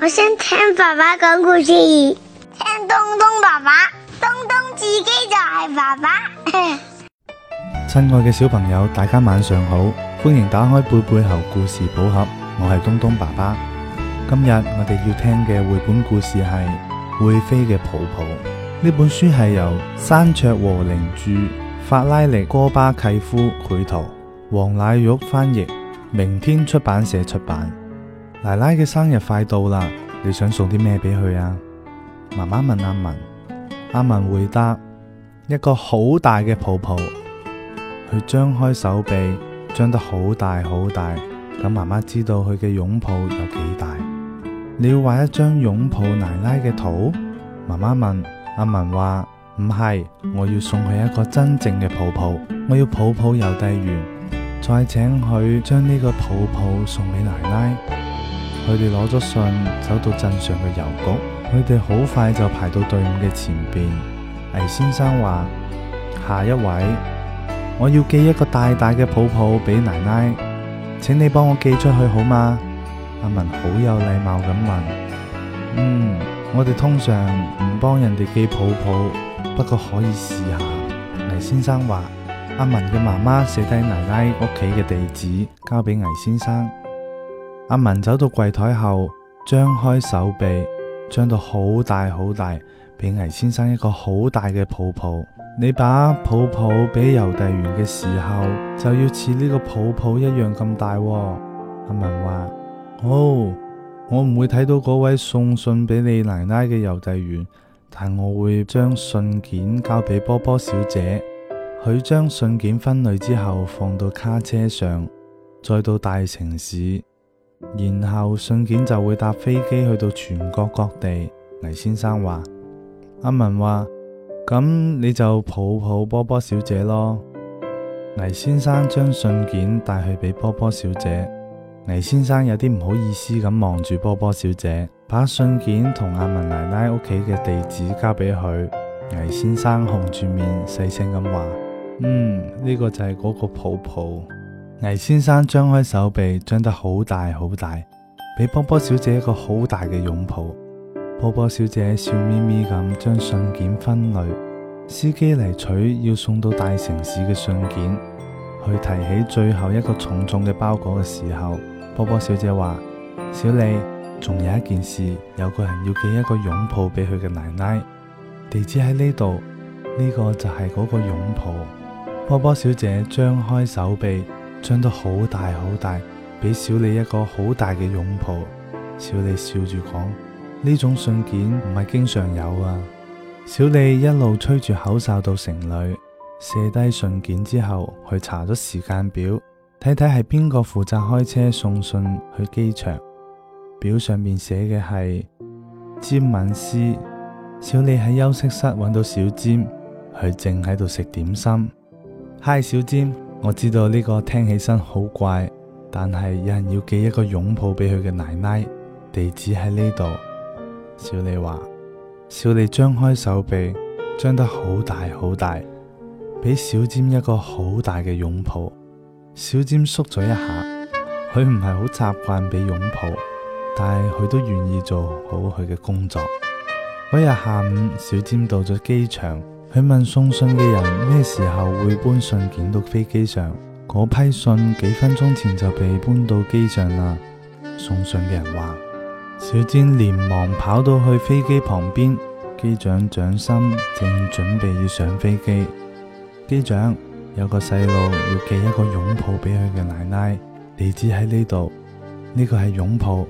我想聽爸爸講故事，聽東東爸爸，東東自己就係爸爸。 親愛嘅小朋友，大家晚上好，歡迎打開貝貝猴故事寶盒，我係東東爸爸。今日我哋要聽嘅繪本故事係會飛嘅抱抱。呢本書係由珊卓和寧著、法拉力哥巴契夫繪圖。黃廼毓翻譯，明天出版社出版。奶奶嘅生日快到啦，你想送啲咩俾佢啊？媽媽問阿、啊、文，阿文回答：一個好大嘅抱抱。佢張開手臂，張得好大好大。咁媽媽知道佢嘅擁抱有幾大。你要畫一張擁抱奶奶嘅圖？媽媽問阿文話：唔係，我要送佢一個真正嘅抱抱，我要抱抱郵遞員。再請佢將呢個抱抱送俾奶奶。佢哋攞咗信，走到鎮上嘅郵局。佢哋好快就排到隊伍嘅前邊。倪先生話：下一位，我要寄一個大大嘅抱抱俾奶奶，請你幫我寄出去好嗎？阿文好有禮貌咁問。嗯，我哋通常唔幫人哋寄抱抱，不過可以試下。倪先生話。阿文嘅媽媽寫低奶奶屋企嘅地址，交俾倪先生。阿文走到櫃台後，張開手臂，張到好大好大，俾倪先生一個好大嘅抱抱。你把抱抱俾郵遞員嘅時候，就要似呢個抱抱一樣咁大、哦。阿文話：，好、oh,，我唔會睇到嗰位送信俾你奶奶嘅郵遞員，但我會將信件交俾波波小姐。佢將信件分類之後放到卡車上，再到大城市，然後信件就會搭飛機去到全國各地。倪先生話：阿文話，咁你就抱抱波波小姐咯。倪先生將信件帶去俾波波小姐。倪先生有啲唔好意思咁望住波波小姐，把信件同阿文奶奶屋企嘅地址交俾佢。倪先生紅住面，細聲咁話。嗯，呢個就係嗰個抱抱。倪先生張開手臂，張得好大好大，俾波波小姐一個好大嘅擁抱。波波小姐笑眯眯咁將信件分類。司機嚟取要送到大城市嘅信件，去提起最後一個重重嘅包裹嘅時候，波波小姐話：小李，仲有一件事，有個人要寄一個擁抱俾佢嘅奶奶，地址喺呢度。呢個就係嗰個擁抱。波波小姐張開手臂，張得好大好大，俾小李一個好大嘅擁抱。小李笑住講：呢種信件唔係經常有啊。小李一路吹住口哨到城裏，寫低信件之後，去查咗時間表，睇睇係邊個負責開車送信去機場。表上面寫嘅係詹敏斯。小李喺休息室搵到小詹，佢正喺度食點心。嗨，Hi，小占，我知道呢個聽起身好怪，但係有人要寄一個擁抱俾佢嘅奶奶，地址喺呢度。小李話。小李張開手臂，張得好大好大，俾小占一個好大嘅擁抱。小占縮咗一下，佢唔係好習慣俾擁抱，但係佢都願意做好佢嘅工作。嗰日下午，小占到咗機場。佢問送信嘅人咩時候會搬信件到飛機上？嗰批信幾分鐘前就被搬到機上啦。送信嘅人話：，小占連忙跑到去飛機旁邊，機長掌心正準備要上飛機。機長，有個細路要寄一個擁抱俾佢嘅奶奶，地址喺呢度。呢、這個係擁抱。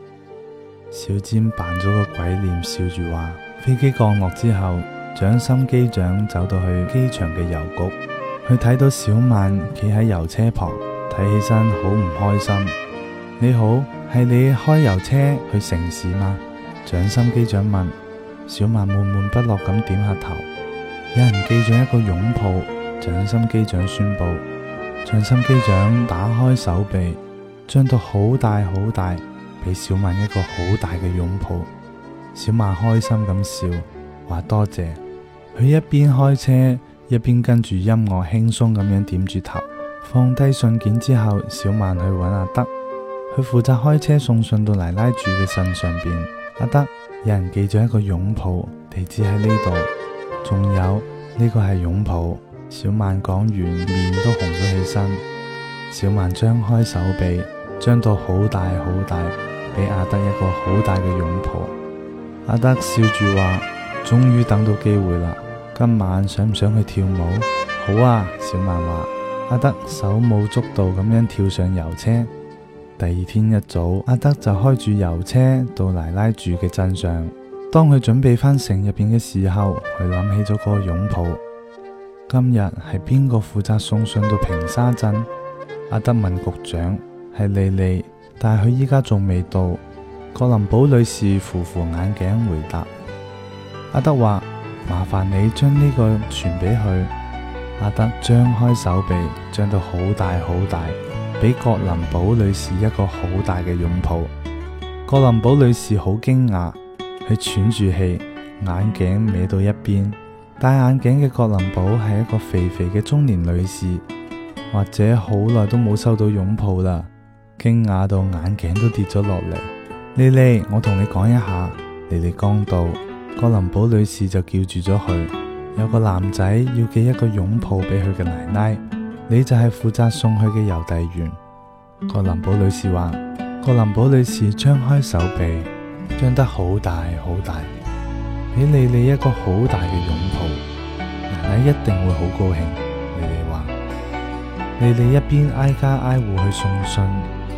小占扮咗個鬼臉，笑住話：，飛機降落之後。掌心機長走到去機場嘅郵局，佢睇到小曼企喺郵車旁，睇起身好唔開心。你好，係你開郵車去城市嗎？掌心機長問。小曼悶悶不樂咁點下頭。有人寄咗一個擁抱，掌心機長宣布。掌心機長打開手臂，張到好大好大，俾小曼一個好大嘅擁抱。小曼開心咁笑，話多謝。佢一邊開車一邊跟住音樂輕鬆咁樣點住頭，放低信件之後，小曼去揾阿德，佢負責開車送信到奶奶住嘅信上邊。阿德，有人寄咗一個擁抱，地址喺呢度。仲有，呢個係擁抱。小曼講完，面都紅咗起身。小曼張開手臂，張到好大好大，俾阿德一個好大嘅擁抱。阿德笑住話：終於等到機會啦！今晚想唔想去跳舞？好啊，小曼話。阿德手舞足蹈咁樣跳上遊車第二天一早，阿德就開住遊車到奶奶住嘅鎮上。當佢準備翻城入邊嘅時候，佢諗起咗個擁抱。今日係邊個負責送上到平沙鎮？阿德問局長，係麗麗，但係佢依家仲未到。葛林寶女士扶扶眼鏡回答，阿德話。麻煩你將呢個傳俾佢。阿德張開手臂，張到好大好大，俾葛林寶女士一個好大嘅擁抱。葛林寶女士好驚訝，佢喘住氣，眼鏡歪到一邊。戴眼鏡嘅葛林寶係一個肥肥嘅中年女士，或者好耐都冇收到擁抱啦，驚訝到眼鏡都跌咗落嚟。莉莉，我同你講一下，你哋剛到。郭林寶女士就叫住咗佢，有個男仔要寄一個擁抱俾佢嘅奶奶，你就係負責送去嘅郵遞員。郭林寶女士話，郭林寶女士張開手臂，張得好大好大，俾你哋一個好大嘅擁抱，奶奶一定會好高興。你哋話，你哋一邊挨家挨戶去送信，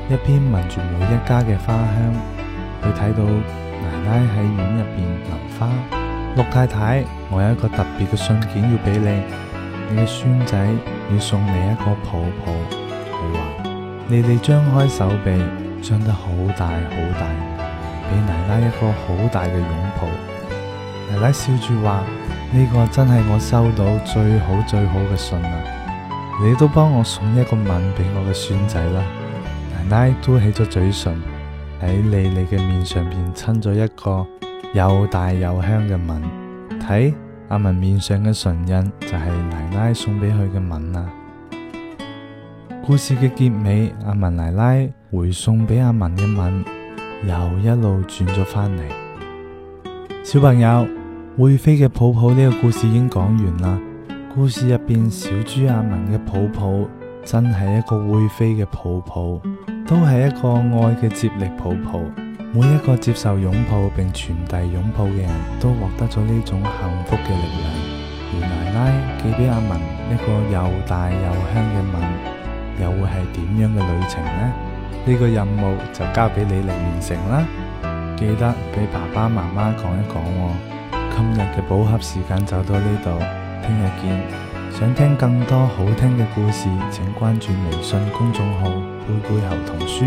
一邊聞住每一家嘅花香，佢睇到。奶奶喺院入邊淋花，陸太太，我有一個特別嘅信件要俾你，你嘅孫仔要送你一個抱抱。佢話：你哋張開手臂，張得好大好大，俾奶奶一個好大嘅擁抱。奶奶笑住話：呢個真係我收到最好最好嘅信啊！你都幫我送一個吻俾我嘅孫仔啦。奶奶嘟起咗嘴唇。喺莉莉嘅面上邊親咗一個又大又香嘅吻。睇，阿文面上嘅唇印就係奶奶送俾佢嘅吻啦。故事嘅結尾，阿文奶奶回送俾阿文嘅吻，又一路轉咗翻嚟。小朋友，會飛嘅抱抱呢個故事已經講完啦。故事入邊小豬阿文嘅抱抱真係一個會飛嘅抱抱。都係一個愛嘅接力抱抱，每一個接受擁抱並傳遞擁抱嘅人都獲得咗呢種幸福嘅力量。而奶奶寄俾阿文一個又大又香嘅吻，又會係點樣嘅旅程呢？呢個任務就交俾你嚟完成啦，記得俾爸爸媽媽講一講喎。今日嘅寶盒時間就到呢度，聽日見。想聽更多好聽嘅故事，請關注微信公眾號“貝貝猴童書”。